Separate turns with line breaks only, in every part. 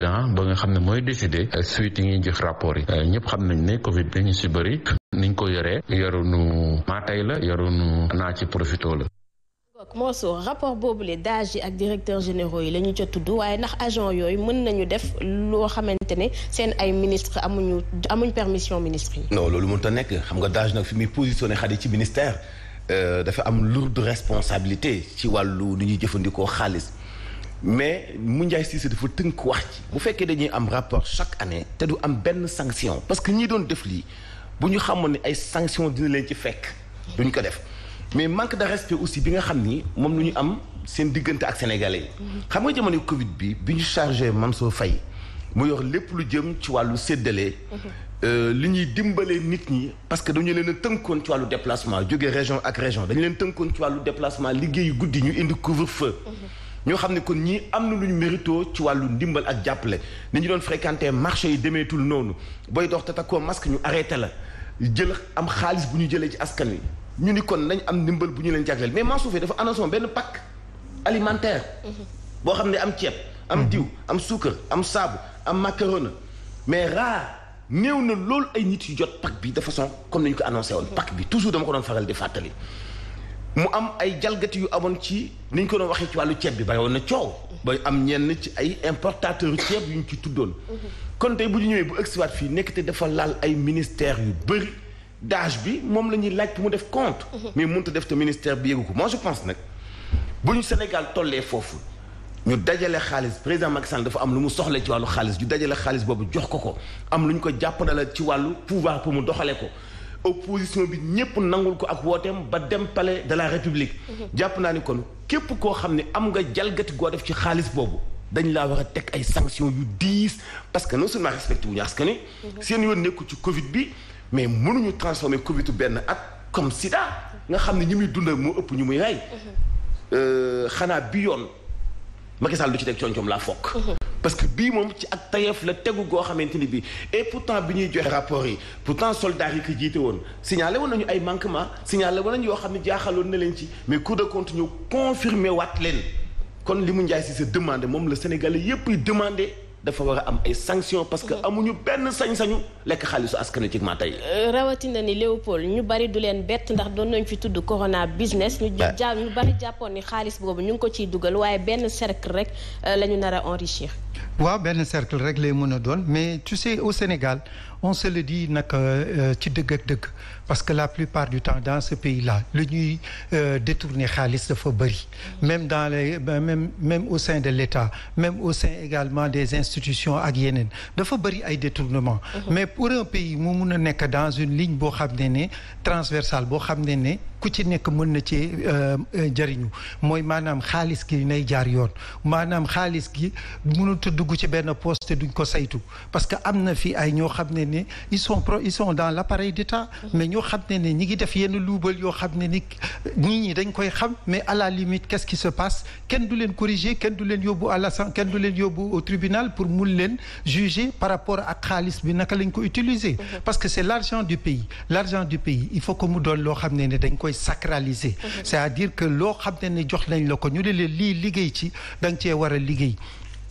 Ah, ba nga xam ne mooy décider euh, suite yi ñuy jox rapport yi euh, ñëpp xam nañ ne Covid bi ñu si bëri niñ ko yoree yorunu maa tey la yorunu naa ci profito la.
Mansour rapport boobule DAGE yi ak directeur généraux yi la ñu ca tudd waaye ndax agent yooyu mën nañu def loo xamante ne seen ay ministre amuñu amuñ permission ministre yi.
non loolu mënut a nekk xam nga DAGE nag fi muy positionné xadi ci ministère euh, dafa am lourde responsabilité ci wàllu nu ñuy jëfandikoo xaalis. mais Moundiaye Cissé dafa tënk wax ci bu fekkee dañuy am rapport chaque année te du am benn sanction parce que ñii doon def lii bu ñu xamoon ni ay sanction dina leen ci fekk duñ ko def mais manque de respect aussi bi nga xam ni moom lu ñu am seen diggante ak sénégalais yi mm-hmm. xam nga jamono covid bi bi ñu man soo Faye mu yor lépp lu jëm ci wàllu séddale mm-hmm. euh, li ñuy dimbalee nit ñi parce que dañu leen a tënkoon ci wàllu déplacement jóge région ak région leen tënkoon ci wàllu déplacement liggéeyu guddi ñu indi couvre mm-hmm. ñoo xam ne kon ñii am na lu ñu mérito ci wàllu ndimbal ak jàppale ni ñu doon fréquenté marché yi demeetul noonu booy dox te takkoo masque ñu arrêté la jël am xaalis bu ñu jëlee ci askan wi ñu ni kon nañ am ndimbal bu ñu leen jagleel mais Mansour Faye dafa annoncé benn pack alimentaire mhm. boo xam ne am ceeb am mhm. diw am suukar am saabu am macaroni mais rare néew na loolu ay nit yu jot pack bi de façon comme nañu ko annoncé woon mhm. pack bi toujours dama ko doon faral di fàttali mu am ay jalgati yu amoon ci ni ñu ko doon waxee ci wàllu ceeb bi bayoon na coow. ba am ñenn ci ay importateur ceeb yu ñu ci tuddoon. kon tey bu ñu ñëwee bu ëgsiwaat fii nekk te dafa laal ay ministères yu bëri daaj bi moom la ñuy laaj pour mu def compte. mais mënut a def te ministère bi yëgu ko moi je pense nag bu ñu Sénégal tollee foofu. ñu dajale xaalis président Macky dafa am lu mu soxla ci wàllu xaalis ñu dajale xaalis boobu jox ko ko am lu ñu ko jàppandala ci wàllu pouvoir pour mu doxale ko opposition bi ñépp nangul ko ak wooteem ba dem palais de la république mhm. jàpp naa ni kon képp koo xam ne am nga jalgati goo def ci xaalis boobu dañ laa war a teg ay sanctions yu diis parce que non seulement respecté wu ñu askan wi mhm. seen yoon nekku ci covid bi mais mënuñu transformer covid benn at comme sida nga xam ne ñi muy dund moo ëpp ñu muy rey mhm. euh, xanaa bi yoon Macky lu du ci teg cooncoom laa fokk parce que bii moom ci ak tayeef la tegu goo xamante ni bii et pourtant bi ñuy joxe rapport yi pourtant soldats yi ko jiite woon signalé woon nañu ay manquement signalé woon nañu yoo xam ne jaaxaloon na leen ci mais Cour des comptes ñu confirmé leen kon li mu njaay si sa moom la Sénégalais yépp yi demandé dafa war a am ay sanctions parce que amuñu benn sañ-sañu lekk xaalisu askan wi ci tey.
Euh, rawatina ni Léopold ñu bari du leen bett ndax doon nañ fi tudd corona business. ñu jàpp ñu bari jàppoon ni xaalis boobu ñu ngi ko ciy dugal waaye benn cercle rek euh, la ñu nar a enrichir.
waaw benn cercle rek lay mën a doon mais tu sais au Sénégal on se le dit nag euh, euh, ci dëgg dëgg parce que la plupart du temps dans ce pays là lu ñuy euh, détourner xaalis dafa bëri même dans les même même au sein de l'État même au sein également des institutions ak yeneen dafa bëri ay détournement mais pour un pays mu mun a nekk dans une ligne boo xam ne ne transversale boo xam ne ne ku ci nekk mën na ci euh, euh, jariñu mooy maanaam xaalis gi nay jaar yoon maanaam xaalis gi mënut a dugg ci benn poste duñ ko saytu parce que am na fi ay ñoo xam ne ne ils sont pro ils sont l' appareil d' état mm-hmm. ñoo xam ne ne ñi ngi def yenn luubal yoo xam ne ni nit ñi dañ koy xam mais à la limite qu'est-ce qui se passe kenn du leen corriger kenn du leen yóbbu à la kenn du leen yóbbu au tribunal pour mun leen juger par rapport ak xaalis bi naka lañ ko utiliser mm-hmm. parce que c' est l' argent du pays l' du pays il faut loo xam ne ne dañ ko koy sacraliser mhm. c'est-à-dire que loo xam ne ni jox nañ la ko ñu ne leen lii liggéey ci da cee war a liggéey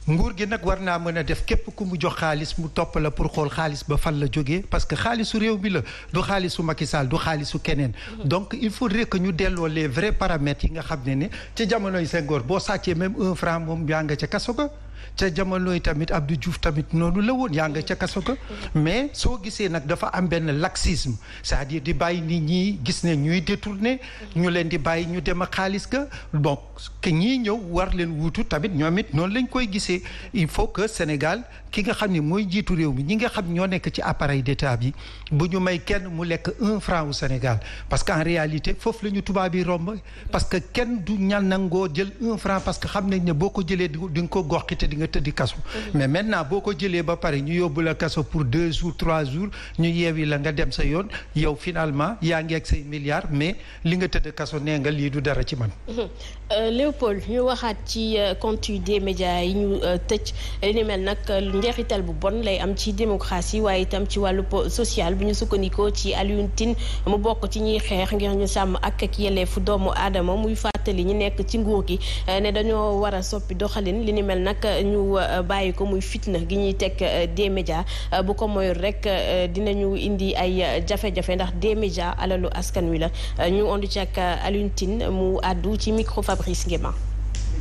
nguur gi nag war naa mën a def képp ku mu jox xaalis mu topp la pour xool xaalis ba fan la jógee parce que xaalisu réew mi la du xaalisu Macky Sall du xaalisu keneen. Mhm. donc il faudrait que ñu delloo le vrais paramètres yi nga xam ne ne ci jamonoy Senghor boo sàccee même un franc moom yaa nga ca kaso ba. ca jamonoy tamit Abdou Diouf tamit noonu la woon yaa nga ca kaso ka mais soo gisee nag dafa am benn laxisme cest à di bàyyi ni ñi gis ne ñuy détourné ñu leen di bàyyi ñu dem a xaalis ka bon que ñii ñëw war leen wuutu tamit ñoom it noonu lañ koy gisee il faut que Sénégal ki nga xam ne mooy jiitu réew mi ñi nga xam ñoo nekk ci appareil d'état bi bu ñu may kenn mu lekk un franc au Sénégal parce que en réalité foofu la ñu tubaab yi romb parce que kenn du ñal nangoo jël un franc parce que xam nañ ne boo ko jëlee di nga ko goxite te di nga tëddi kaso. mais maintenant boo ko jëlee ba pare ñu yóbbu la kaso pour deux jours trois jours ñu yeewi la nga dem sa yoon yow finalement yaa ngi ak say milliards mais li nga tëdd kaso nee nga lii du dara ci man.
Mhm. Euh, Léopold ñu waxaat ci euh, contenu des médias yi ñu euh, tëj li ni mel nag njeexital bu bon lay am ci démocratie waaye itam ci wàllu social bu ñu sukkandikoo ci Alioune Tine mu bokk ci ñuy xeex ngir ñu sàmm ak ak yelleefu doomu aadama muy li ñi nekk ci nguur gi eh, ne dañoo war a soppi doxalin li ni mel nag eh, ñu eh, bàyyi ko muy fitna gi ñuy teg des médias bu ko moyul rek dinañu indi ay jafe-jafe ndax des médias alalu askan wi la ñu ondu ci ak mu àddu ci micro Fabrice Ngema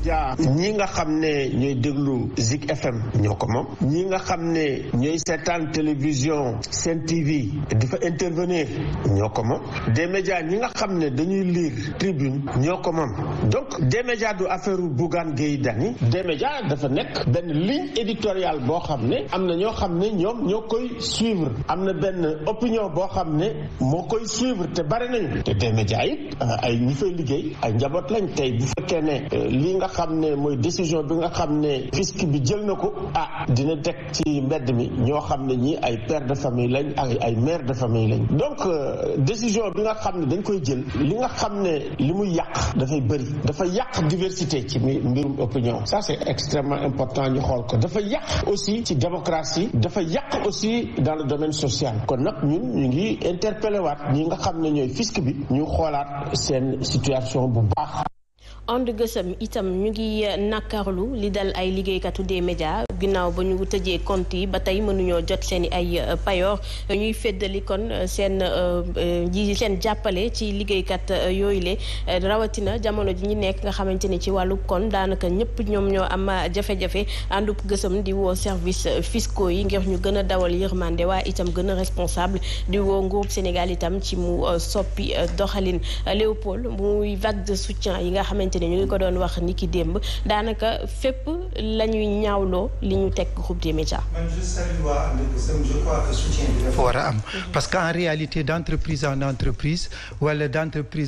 média ñi nga xam ne ñooy déglu Zik FM ñoo ko moom ñi nga xam ne ñooy seetaan télévision Sen TV di fa intervenir ñoo ko moom des ñi nga xam ne dañuy lire tribune ñoo ko moom donc des du affaire Bougane Gueye Dany des médias dafa nekk benn ligne éditoriale boo xam ne am na ñoo xam ne ñoom ñoo koy suivre am na benn opinion boo xam ne moo koy suivre te bari nañu te des médias euh, ay ñi fay liggéey ay njaboot lañ tey bu fekkee ne euh, li nga xam ne mooy décision bi nga xam ne fisc bi jël na ko ah dina teg ci mbedd mi ñoo xam ne ñii ay père de famille lañ ay ay mère de famille lañ donc euh, décision bi nga xam ne dañ koy jël li nga xam ne li muy yàq dafay bëri dafa yàq diversité ci mbirum opinion ça c'est extrêmement important ñu xool ko dafa yàq aussi ci démocratie dafa yàq aussi dans le domaine social kon nag ñun ñu ngi interpellé waat ñi nga xam ne ñooy fisc bi ñu xoolaat seen situation bu
and gësëm itam ñu ngi nakaarlu li dal ay liggéeykatu de médias ginnaaw ba ñu tëjee kont yi ba tey mënuñoo jot seen i ay euh, payoor ñuy feddali kon euh, seen ji euh, seen jàppale ci liggéeykat yooyu le rawatina jamono ji ñu nekk nga xamante ni ci wàllu kon daanaka ñëpp ñoom ñoo am jafe-jafe àndub gësëm di woo service fiscaux yi ngir ñu gën a dawal yërmande waa itam gën a responsable di woo nguurub Sénégal itam ci mu soppi doxalin Léopold muy vague de soutien yi nga xamante xamante ñu ngi ko doon wax ni ki démb daanaka fépp la ñuy ñaawloo li ñu teg groupe des médias.
man war a am. Mm-hmm. parce que en réalité d' entreprise en entreprise wala d'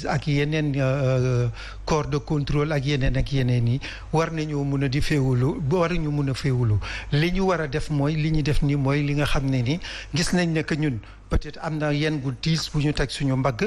ak yeneen euh, euh, corps de contrôle ak yeneen ak yeneen yi war nañoo mun a di féewulu war ñu mun a féewulu li ñu war a def mooy li ñu def nii mooy li nga xam ne nii gis nañ ne que ñun. peut-être am na yenn gu diis bu ñu teg suñu mbagg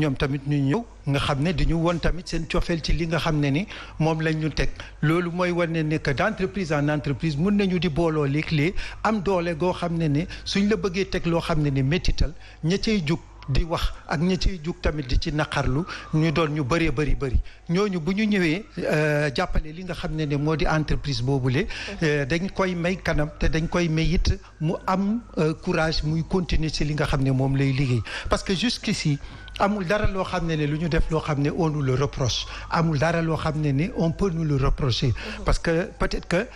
ñoom tamit ñu ñëw nga xam ne di ñu won tamit seen cofeel ci li nga xam ne ni moom lañ ñu teg loolu mooy wane ne que d'entreprise en entreprise mun nañu di booloo léeg-léeg am doole goo xam ne ni suñ la bëggee teg loo xam ne ni métital ña cay jug di wax ak ñi ciy jug tamit di ci naqarlu ñu doon ñu bëree bari bëri ñooñu bu ñu ñëwee euh, jàppale li nga xam ne ne moo di entreprise boobule euh, dañ koy may kanam te dañ koy may it mu am euh, courage muy continuer si li nga xam ne moom lay liggéey parce que jusqu'ici amul dara loo xam ne ne lu ñu def loo xam ne on nous le reproche amul dara loo xam ne ni on peut nous le reprocher mmh. parce que peut-être que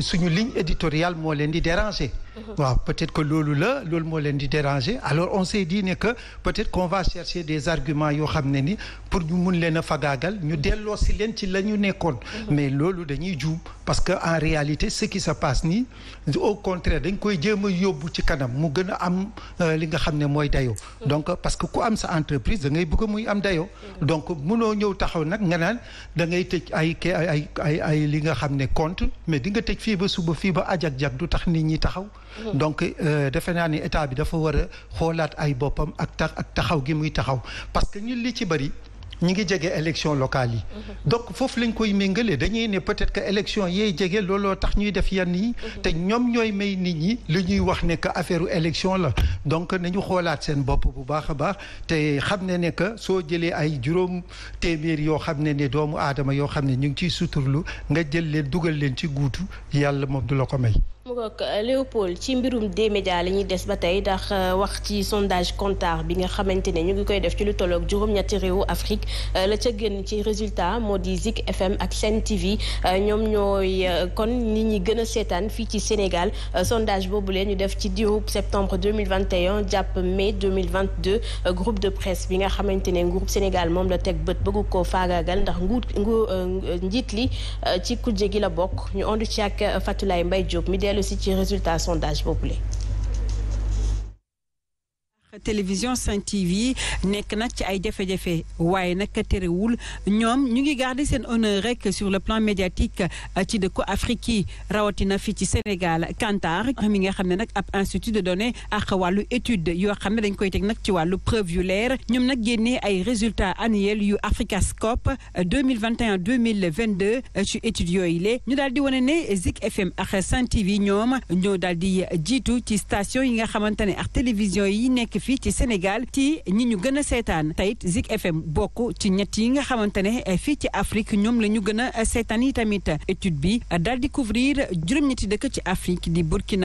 suñu ligne éditoriale moo leen di déranger Uh-huh. waaw peut-être que loolu la loolu moo leen di déranger alors on s'est dit ne peut-être qu'on va chercher des arguments yoo xam ne ni pour ñu mun leen a fagaagal ñu delloo si leen ci la ñu nekkoon uh-huh. mais loolu dañuy juum parce que en réalité ce qui se passe nii au contraire dañ koy jéem a yóbbu ci kanam mu gën a am euh, li nga xam ne mooy dayoo uh-huh. donc parce que ku am sa entreprise da ngay bëgg muy am dayoo donc munoo ñëw taxaw nag nga naan da ngay tëj ay ay ay ay li nga xam ne compte mais di nga tëj fii ba suba fii ba ajak jak du tax nit ñi taxaw donc euh, defe naa ni état bi dafa war a xoolaat ay boppam ak tax ak taxaw gi muy taxaw parce que ñun li ci bëri ñi ngi jege élection locale yi mhm. donc foofu lañ koy méngalee dañuy ne peut-être que élection yee jege looloo tax ñuy def yan yi mhm. te ñoom ñooy may nit ñi li ñuy wax ne que affaire élection la donc nañu xoolaat seen bopp bu baax a baax te xam ne ne que soo jëlee ay juróom téeméer yoo xam ne ne doomu aadama yoo xam ne ñu ngi ciy suturlu nga jël leen dugal leen ci guutu yàlla moom du la ko may
mu euh, ngoog ci mbirum D-Média la ñuy des ba tey ndax euh, wax ci sondage Kantar bi nga xamante ne ñu ngi koy def ci lu tolloog juróom-ñetti réewu Afrique euh, la ca génn ci résultat moo di Zik FM ak Sen TV ñoom ñooy kon nit ñi gën a seetaan fii ci Sénégal sondage boobu leen ñu def ci diirub septembre 2021 jàpp mai 2022 groupe de presse bi nga xamante ne groupe Sénégal moom la teg bët bëggu ko fagagal ndax nguut ngu njiit li ci kujje gi la bokk ñu ondu ci ak Fatulaye Mbaye Diop dellu si ci résultat sondage boobule. télévision Sen TV nekk nag ci ay jafe-jafe waaye nag terewul ñoom ñu ngi garder seen honneur rek sur le plan médiatique euh, ci dëkku Afrique yi rawatina fii ci Sénégal Kantar mi nga xam ne nag ab institut de données ak wàllu étude yoo xam ne dañ koy teg nag ci wàllu preuve yu leer ñoom nag génnee ay résultats annuels yu Africascope 2021 euh, 2022 euh, ci études yooyu la ñu daal di wane ne Zik FM ak Sen TV ñoom ñoo daal di jiitu ci station yi nga xamante ne ak télévision yi fii ci Sénégal ci ñi ñu gën a seetaan tey it bokk ci ñett yi nga xamante ne eh, fii ci Afrique ñoom la ñu gën a eh, seetaan yi tamit étude bi eh, daal di couvrir juróom-ñetti dëkk ci Afrique di Burkina.